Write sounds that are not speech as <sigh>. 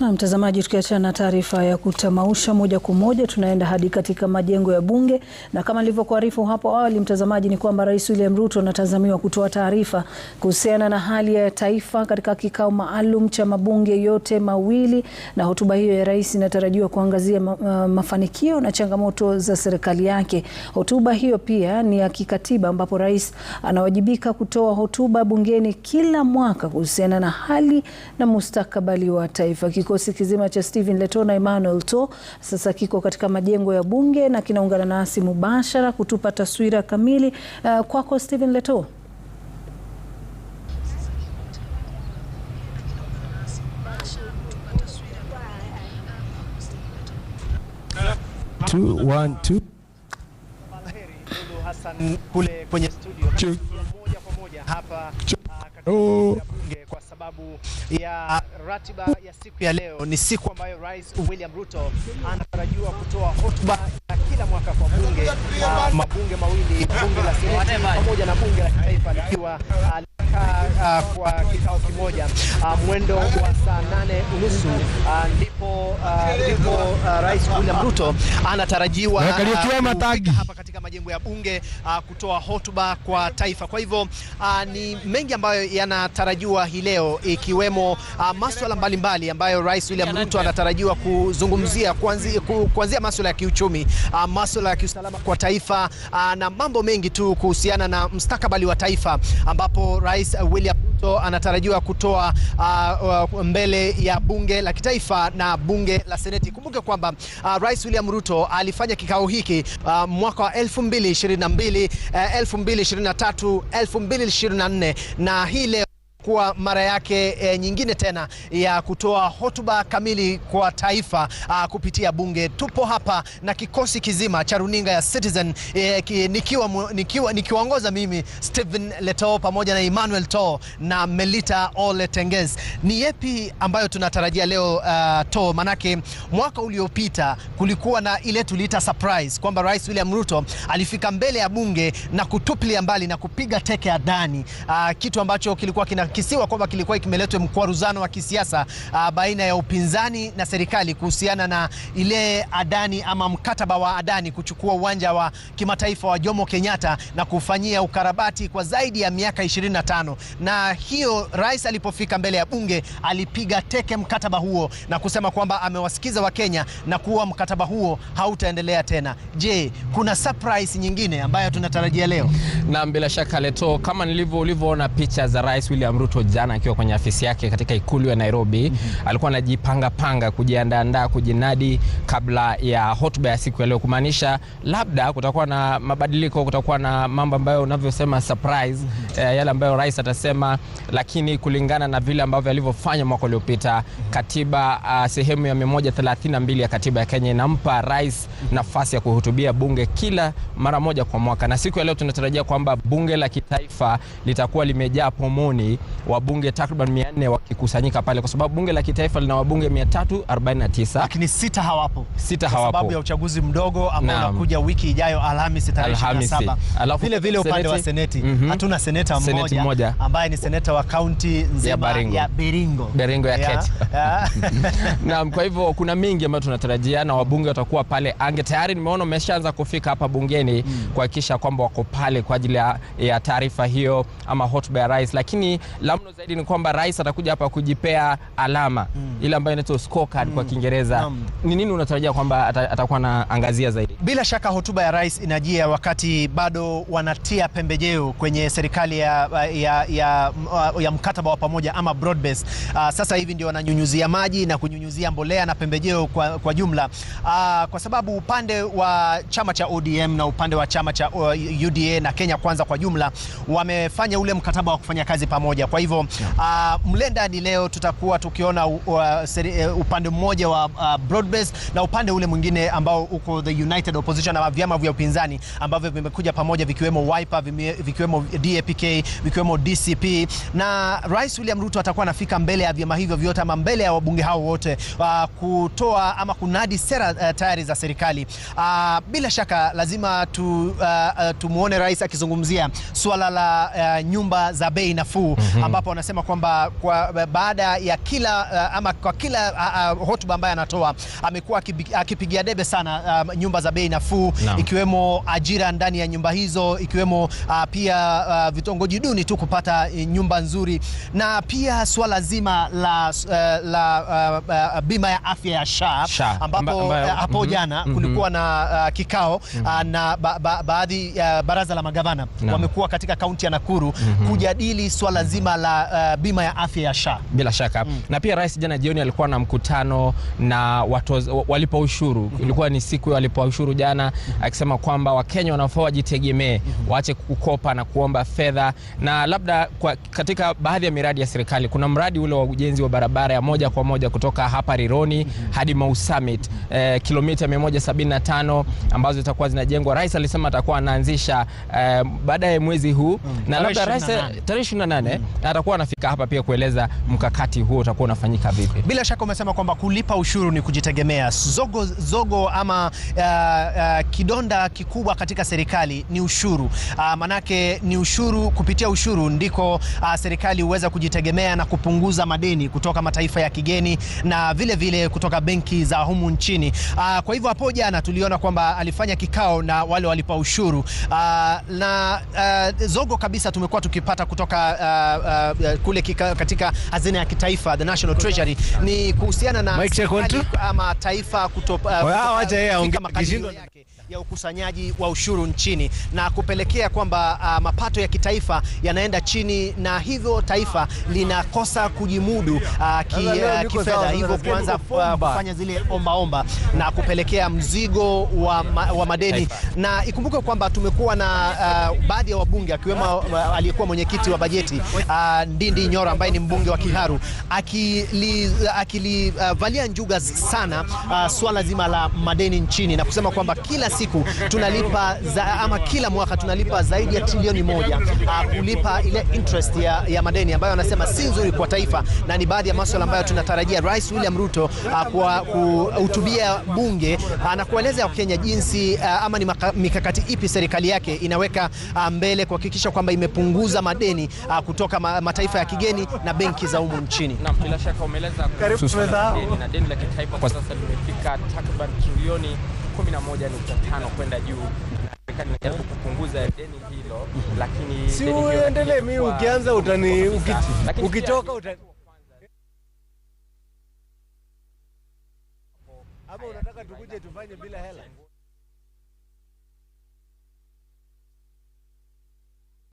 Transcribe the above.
Na mtazamaji, tukiachana na taarifa ya kutamausha moja kwa moja, tunaenda hadi katika majengo ya Bunge, na kama nilivyokuarifu hapo awali, mtazamaji, ni kwamba Rais William Ruto anatazamiwa kutoa taarifa kuhusiana na hali ya taifa katika kikao maalum cha mabunge yote mawili, na hotuba hiyo ya rais inatarajiwa kuangazia uh, mafanikio na changamoto za serikali yake. Hotuba hiyo pia ni ya kikatiba, ambapo rais anawajibika kutoa hotuba bungeni kila mwaka kuhusiana na hali na mustakabali wa taifa. Kikosi kizima cha Stephen Leto na Emmanuel To sasa kiko katika majengo ya bunge na kinaungana nasi mubashara kutupa taswira kamili. Uh, kwako Stephen Leto. Two, one, two. Kule kwenye studio moja kwa moja hapa sababu ya ratiba ya siku ya leo. Ni siku ambayo Rais William Ruto anatarajiwa kutoa hotuba ya kila mwaka kwa bunge, mabunge mawili, bunge la Seneti pamoja na bunge la kitaifa likiwa kuweka uh, kwa kikao kimoja uh, mwendo wa saa nane unusu uh, ndipo ndipo uh, Rais William Ruto anatarajiwa uh, hapa katika majengo ya bunge uh, kutoa hotuba kwa taifa. Kwa hivyo uh, ni mengi ambayo yanatarajiwa hii leo ikiwemo uh, masuala mbalimbali ambayo Rais William Ruto anatarajiwa kuzungumzia kuanzia kuanzia masuala ya kiuchumi uh, masuala ya kiusalama kwa taifa uh, na mambo mengi tu kuhusiana na mstakabali wa taifa ambapo Rais Rais William Ruto anatarajiwa kutoa uh, uh, mbele ya bunge la kitaifa na bunge la seneti. Kumbuke kwamba uh, Rais William Ruto alifanya kikao hiki uh, mwaka wa 2022, 2023, 2024 na hii leo kwa mara yake e, nyingine tena ya kutoa hotuba kamili kwa taifa a, kupitia bunge. Tupo hapa na kikosi kizima cha runinga ya Citizen e, ki, nikiwa, nikiwa, nikiwaongoza mimi Stephen Leto pamoja na Emmanuel To na Melita Ole Tenges. Ni yepi ambayo tunatarajia leo uh, To? Manake mwaka uliopita kulikuwa na ile tuliita surprise kwamba Rais William Ruto alifika mbele ya bunge na kutupilia mbali na kupiga teke ya ndani uh, kitu ambacho kilikuwa kina kisiwa kwamba kilikuwa kimeletwa mkwaruzano wa kisiasa uh, baina ya upinzani na serikali kuhusiana na ile Adani ama mkataba wa Adani kuchukua uwanja wa kimataifa wa Jomo Kenyatta na kufanyia ukarabati kwa zaidi ya miaka 25. Na hiyo rais alipofika mbele ya bunge alipiga teke mkataba huo na kusema kwamba amewasikiza Wakenya na kuwa mkataba huo hautaendelea tena. Je, kuna surprise nyingine ambayo tunatarajia leo? Na bila shaka Leto, kama nilivyo ulivyoona picha za Rais William Ruto jana akiwa kwenye afisi yake katika ikulu ya Nairobi mm -hmm. alikuwa anajipanga panga kujiandaandaa kujinadi kabla ya hotuba ya siku ya leo, kumaanisha labda kutakuwa na mabadiliko, kutakuwa na mambo ambayo unavyosema surprise mm -hmm. eh, yale ambayo rais atasema, lakini kulingana na vile ambavyo alivyofanya mwaka uliopita mm -hmm. katiba uh, sehemu ya 132 ya katiba ya Kenya inampa rais nafasi ya kuhutubia bunge kila mara moja kwa mwaka, na siku ya leo tunatarajia kwamba bunge la kitaifa litakuwa limejaa pomoni wabunge takriban 400 wakikusanyika pale, kwa sababu bunge la kitaifa lina wabunge 349, lakini sita hawapo, sita hawapo sababu ya uchaguzi mdogo ambao unakuja wiki ijayo Alhamisi tarehe 27. Vile vile upande wa seneti mm -hmm. hatuna seneta mmoja, seneti mmoja ambaye ni seneta wa kaunti nzima ya Baringo, Baringo ya Keti. <laughs> <laughs> Naam, kwa hivyo kuna mingi ambayo tunatarajia na wabunge watakuwa pale ange tayari nimeona umeshaanza kufika hapa bungeni mm. kuhakikisha kwamba wako pale kwa ajili ya taarifa hiyo ama hotuba ya rais, lakini la mno zaidi ni kwamba rais atakuja hapa kujipea alama mm. ile ambayo inaitwa scorecard mm. kwa Kiingereza. Ni nini unatarajia kwamba atakuwa angazia zaidi? Bila shaka hotuba ya rais inajia wakati bado wanatia pembejeo kwenye serikali ya, ya, ya, ya mkataba wa pamoja ama broad base. Uh, sasa hivi ndio wananyunyuzia maji na kunyunyuzia mbolea na pembejeo kwa, kwa jumla uh, kwa sababu upande wa chama cha ODM na upande wa chama cha UDA uh, na Kenya Kwanza kwa jumla wamefanya ule mkataba wa kufanya kazi pamoja. Kwa hivyo uh, mle ndani leo tutakuwa tukiona uh, uh, upande mmoja wa uh, broad base na upande ule mwingine ambao uko the United United Opposition na vyama vya upinzani ambavyo vimekuja pamoja vikiwemo Wiper, vikiwemo DAPK, vikiwemo DCP na Rais William Ruto atakuwa anafika mbele ya vyama hivyo vyote ama mbele ya wabunge hao wote uh, kutoa ama kunadi sera uh, tayari za serikali uh, bila shaka lazima tu, uh, uh, tumuone rais akizungumzia swala la uh, nyumba za bei nafuu mm -hmm. ambapo anasema kwamba kwa, uh, baada ya kila uh, ama kwa kila uh, uh, hotuba ambayo anatoa amekuwa akipigia debe sana uh, nyumba za bei nafuu no. ikiwemo ajira ndani ya nyumba hizo ikiwemo uh, pia uh, vitongoji duni tu kupata uh, nyumba nzuri na pia swala zima la, uh, la uh, uh, bima ya afya ya SHA, ambapo uh, hapo mm -hmm. jana mm-hmm. kulikuwa na uh, kikao mm -hmm. uh, na ba, ba, baadhi ya uh, baraza la magavana no. wamekuwa katika kaunti ya Nakuru mm -hmm. kujadili swala mm-hmm. zima la uh, bima ya afya ya SHA bila shaka mm. na pia rais jana jioni alikuwa na mkutano na walipa ushuru mm -hmm. ilikuwa ni siku walipa ushuru ushuru jana akisema kwamba Wakenya wanafaa wajitegemee, waache kukopa na kuomba fedha, na labda kwa katika baadhi ya miradi ya serikali kuna mradi ule wa ujenzi wa barabara ya moja kwa moja kutoka hapa Rironi hadi Mau Summit eh, kilomita 175 ambazo zitakuwa zinajengwa. Rais alisema atakuwa anaanzisha eh, baada ya mwezi huu mm. na labda rais tarehe 28 mm. atakuwa anafika hapa pia kueleza mkakati huo utakuwa unafanyika vipi. Bila shaka umesema kwamba kulipa ushuru ni kujitegemea. Zogo, zogo ama uh, uh, uh kidonda kikubwa katika serikali ni ushuru. Uh, manake ni ushuru, kupitia ushuru ndiko uh, serikali huweza kujitegemea na kupunguza madeni kutoka mataifa ya kigeni na vile vile kutoka benki za humu nchini. Uh, kwa hivyo hapo jana tuliona kwamba alifanya kikao na wale walipa ushuru uh, na uh, zogo kabisa tumekuwa tukipata kutoka uh, uh, kule kika, katika hazina ya kitaifa the National Treasury ni kuhusiana na ama taifa kutopa, uh, kutopa, wacha yeye aongee kishindo yake ya ukusanyaji wa ushuru nchini na kupelekea kwamba uh, mapato ya kitaifa yanaenda chini na hivyo taifa linakosa kujimudu uh, ki, uh, kifedha, hivyo kuanza uh, kufanya zile ombaomba omba, na kupelekea mzigo wa, ma, wa madeni na ikumbuke kwamba tumekuwa na uh, baadhi ya wabunge akiwemo uh, aliyekuwa mwenyekiti wa bajeti uh, Ndindi Nyoro ambaye ni mbunge wa Kiharu akilivalia akili, uh, njuga sana uh, swala zima la madeni nchini na kusema kwamba kila siku tunalipa za, ama kila mwaka tunalipa zaidi ya trilioni moja uh, kulipa ile interest ya, ya madeni ambayo anasema si nzuri kwa taifa, na ni baadhi ya masuala ambayo tunatarajia Rais William Ruto uh, kwa kuhutubia bunge uh, na kueleza Wakenya jinsi uh, ama ni maka, mikakati ipi serikali yake inaweka uh, mbele kuhakikisha kwamba imepunguza madeni uh, kutoka ma, mataifa ya kigeni na benki za humu nchini. Naam, bila shaka umeeleza kwa na deni la kitaifa kwa sasa limefika takriban trilioni 11.5 kwenda juu kupunguza deni hilo, lakini si uendelee. Mimi ukianza utani, ukitoka utani ama unataka tukuje tufanye bila hela?